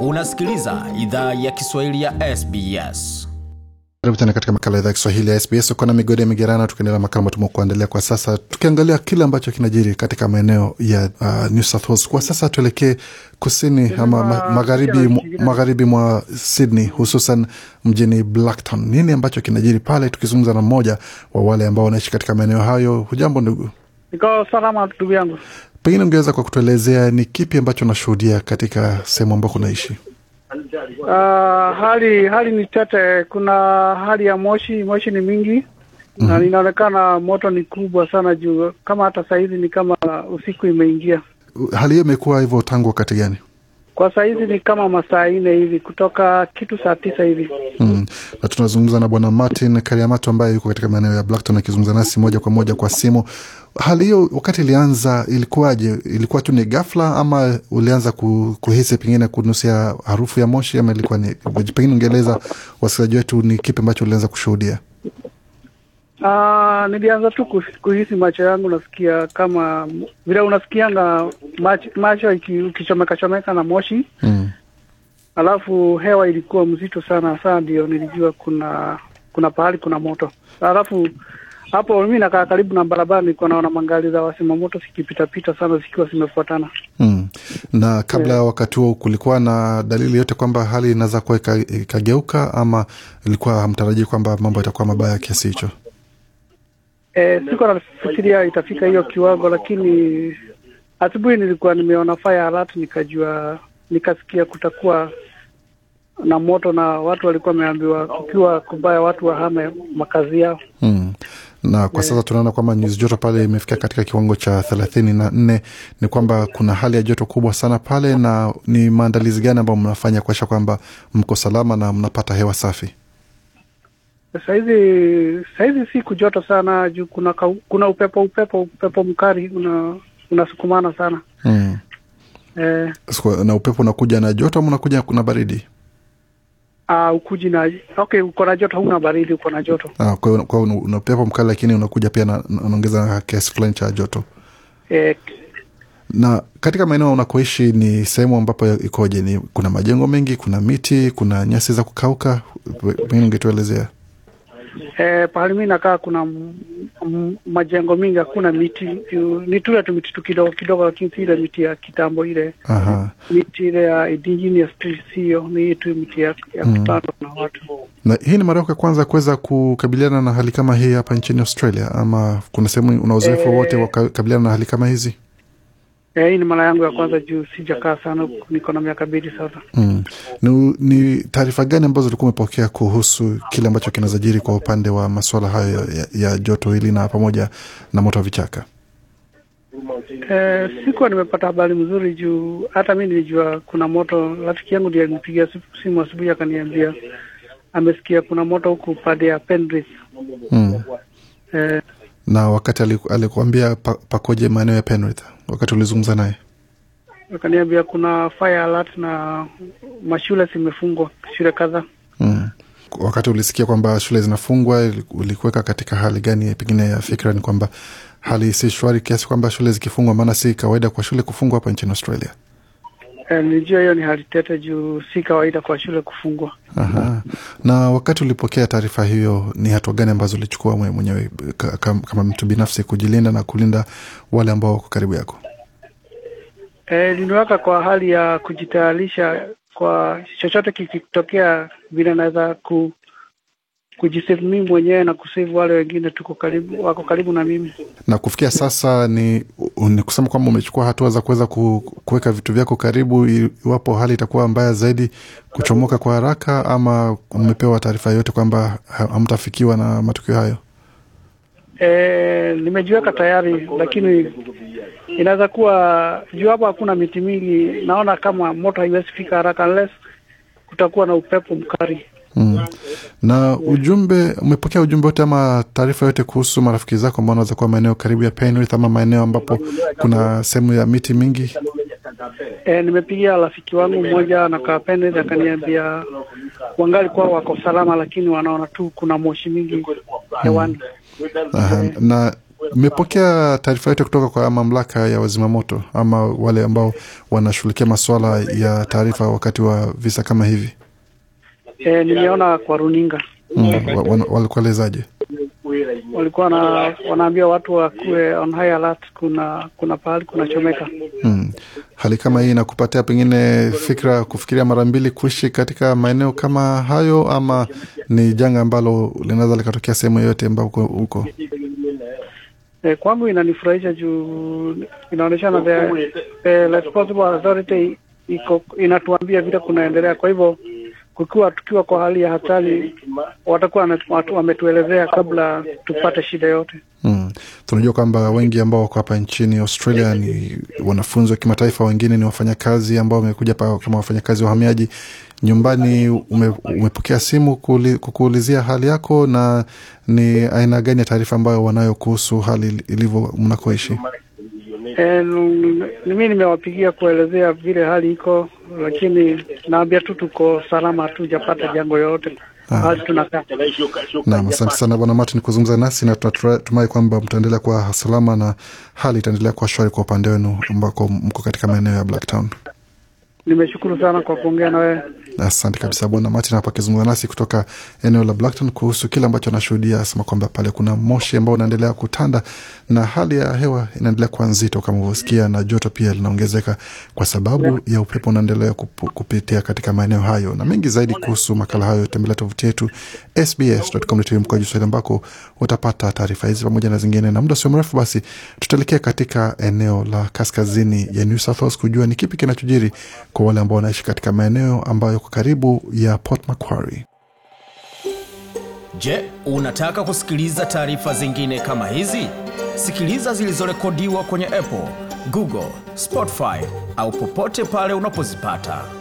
Unasikiliza idhaa ya Kiswahili ya SBS. Karibu tena katika makala idhaa ya Kiswahili ya SBS. Uko na migodi ya migerano, tukiendelea makala matumo kuandalia kwa sasa, tukiangalia kile ambacho kinajiri katika maeneo ya uh, New South Wales. Kwa sasa tuelekee kusini ama magharibi, magharibi mwa Sydney, hususan mjini Blacktown. Nini ambacho kinajiri pale? Tukizungumza na mmoja wa wale ambao wanaishi katika maeneo hayo. Hujambo ndugu? Niko salama ndugu yangu. Pengine ungeweza kwa kutuelezea ni kipi ambacho unashuhudia katika sehemu ambao kunaishi? Uh, ah, hali hali ni tete. Kuna hali ya moshi, moshi ni mingi na mm -hmm. Inaonekana moto ni kubwa sana juu, kama hata sahizi ni kama usiku imeingia. Hali hiyo imekuwa hivyo tangu wakati gani? Kwa sahizi ni kama masaa nne hivi kutoka kitu saa tisa hivi mm. Na tunazungumza na Bwana Martin Kariamato ambaye yuko katika maeneo ya Blackton akizungumza nasi moja kwa moja kwa simu hali hiyo wakati ilianza ilikuwaje? Ilikuwa tu ni ghafla ama ulianza kuhisi pengine kunusia harufu ya moshi ama ilikuwa ni pengine, ungeeleza wasikilizaji wetu ni kipi ambacho ulianza kushuhudia? Uh, nilianza tu kuhisi macho yangu nasikia kama vile unasikianga macho, macho ikichomeka chomeka na moshi mm. Alafu hewa ilikuwa mzito sana, saa ndio nilijua kuna kuna pahali kuna moto alafu hapo mimi nakaa karibu na barabara, nilikuwa naona mangali za wazimamoto zikipitapita sana zikiwa zimefuatana. Mm. Na kabla ya yeah, wakati huo kulikuwa na dalili yote kwamba hali inaweza kuwa ikageuka, ama ilikuwa hamtarajii kwamba mambo yatakuwa mabaya kiasi hicho? Eh, sikuwa nafikiria itafika hiyo kiwango, lakini asubuhi nilikuwa nimeona fire alert, nikajua nikasikia kutakuwa na moto na watu walikuwa wameambiwa kukiwa kubaya watu wahame makazi yao. hmm na kwa sasa tunaona kwamba nyuzi joto pale imefikia katika kiwango cha thelathini na nne. Ni kwamba kuna hali ya joto kubwa sana pale, na ni maandalizi gani ambayo mnafanya kuakisha kwamba mko salama na mnapata hewa safi? Sahizi sahizi si kujoto sana juu kuna, kuna upepo upepo upepo mkali unasukumana una sana mm. Eh, na upepo unakuja na joto ama unakuja na baridi? Uh, ukuji na okay, uko na joto, hauna baridi, uko na joto. Ah, kwa kwa unapepo mkali, lakini unakuja pia na unaongeza kiasi fulani cha joto eh. Na katika maeneo unakoishi ni sehemu ambapo ikoje? Ni kuna majengo mengi, kuna miti, kuna nyasi za kukauka, pengine ungetuelezea? e, pahali mi nakaa kuna majengo mingi, hakuna miti, ni tule tu miti tu kidogo kidogo, lakini si ile miti ya kitambo ile. Aha. miti ile ya indigenous tree, sio ni tu miti ya, ya mm. kupandwa na watu. Na hii ni mara yako ya kwanza kuweza kukabiliana na hali kama hii hapa nchini Australia, ama kuna sehemu una uzoefu wowote eh, e, wa kukabiliana na hali kama hizi? Eh, hii ni mara yangu ya kwanza juu sijakaa sana, niko na miaka mbili sasa. Mm. Ni, ni taarifa gani ambazo ulikuwa umepokea kuhusu kile ambacho kinazajiri kwa upande wa masuala hayo ya, ya joto hili na pamoja na moto wa vichaka? Eh, sikuwa nimepata habari mzuri juu hata mi nilijua kuna moto. Rafiki yangu ndiye alinipigia simu asubuhi akaniambia amesikia kuna moto huku pande ya Penrith. Mm. Eh, na wakati alikuambia pakoje maeneo ya Penrith? wakati ulizungumza naye? Akaniambia kuna fire alert na mashule zimefungwa shule kadhaa. Mm. Wakati ulisikia kwamba shule zinafungwa, ulikuweka katika hali gani? Pengine ya fikira ni kwamba hali si shwari kiasi kwamba shule zikifungwa, maana si kawaida kwa shule kufungwa hapa nchini Australia. Eh, Nilijua hiyo ni hali tete juu si kawaida kwa shule kufungwa. Aha. Na wakati ulipokea taarifa hiyo, ni hatua gani ambazo ulichukua mwenyewe kama mtu binafsi kujilinda na kulinda wale ambao wako karibu yako? E, eh, niliwaka kwa hali ya kujitayarisha kwa chochote kikitokea, vile naweza ku, kujisave mimi mwenyewe na kusave wale wengine tuko karibu, wako karibu na mimi. Na kufikia sasa ni, ni kusema kwamba umechukua hatua za kuweza kuweka vitu vyako karibu, iwapo hali itakuwa mbaya zaidi kuchomoka kwa haraka, ama umepewa taarifa yote kwamba hamtafikiwa na matukio hayo? E, nimejiweka tayari, lakini inaweza kuwa juu hapo hakuna miti mingi, naona kama moto haiwezi fika haraka unless kutakuwa na upepo mkali na ujumbe umepokea ujumbe wote ama taarifa yote kuhusu marafiki zako ambao wanaweza kuwa maeneo karibu ya Penrith ama maeneo ambapo kuna sehemu ya miti mingi? E, nimepigia rafiki wangu mmoja anakaa Penrith akaniambia wangali kwa wako salama, lakini wanaona tu kuna moshi mingi hewani. Hmm. Eh. na mmepokea taarifa yote kutoka kwa mamlaka ya wazimamoto ama wale ambao wanashughulikia masuala ya taarifa wakati wa visa kama hivi? E, eh, nimeona kwa runinga. Mm, Walikuwa na, wanaambia watu wakuwe on high alert, kuna kuna pahali kunachomeka. Mm. Hali kama hii inakupatia pengine fikra kufikiria mara mbili kuishi katika maeneo kama hayo, ama ni janga ambalo linaweza likatokea sehemu yoyote ambako huko E, kwangu inanifurahisha juu inaonyeshana the, eh, the responsible authority iko inatuambia vile kunaendelea, kwa hivyo kukiwa tukiwa kwa hali ya hatari, watakuwa wametuelezea kabla tupate shida yote. Mm. Tunajua kwamba wengi ambao wako hapa nchini Australia ni wanafunzi wa kimataifa, wengine ni wafanyakazi ambao wamekuja hapa kama wafanyakazi wa uhamiaji. Nyumbani ume, umepokea simu kukuulizia hali yako, na ni aina gani ya taarifa ambayo wanayo kuhusu hali ilivyo mnakoishi? E, mimi nimewapigia kuelezea vile hali iko, lakini naambia tu tuko salama, hatujapata jambo yoyote. Ah. Naam, asante sana Bwana Martin kuzungumza nasi na tunatumai kwamba mtaendelea kuwa salama na hali itaendelea kuwa shwari kwa upande wenu ambako mko katika maeneo ya Blacktown. Nimeshukuru sana kwa kuongea na wewe. Asante kabisa Bwana Martin hapo akizungumza nasi kutoka eneo la Blackton kuhusu kile ambacho anashuhudia, asema kwamba pale kuna moshi ambao unaendelea kutanda na hali ya hewa inaendelea kuwa nzito kama unavyosikia, na joto pia linaongezeka kwa sababu ya upepo unaendelea kupitia katika maeneo hayo. Na mengi zaidi kuhusu makala hayo, tembelea tovuti yetu sbs.com.au ambako utapata taarifa hizi pamoja na zingine. Na muda sio mrefu, basi tutaelekea katika eneo la kaskazini ya New South Wales kujua ni kipi kinachojiri kwa wale ambao wanaishi katika maeneo ambayo karibu ya Port Macquarie. Je, unataka kusikiliza taarifa zingine kama hizi? Sikiliza zilizorekodiwa kwenye Apple, Google, Spotify au popote pale unapozipata.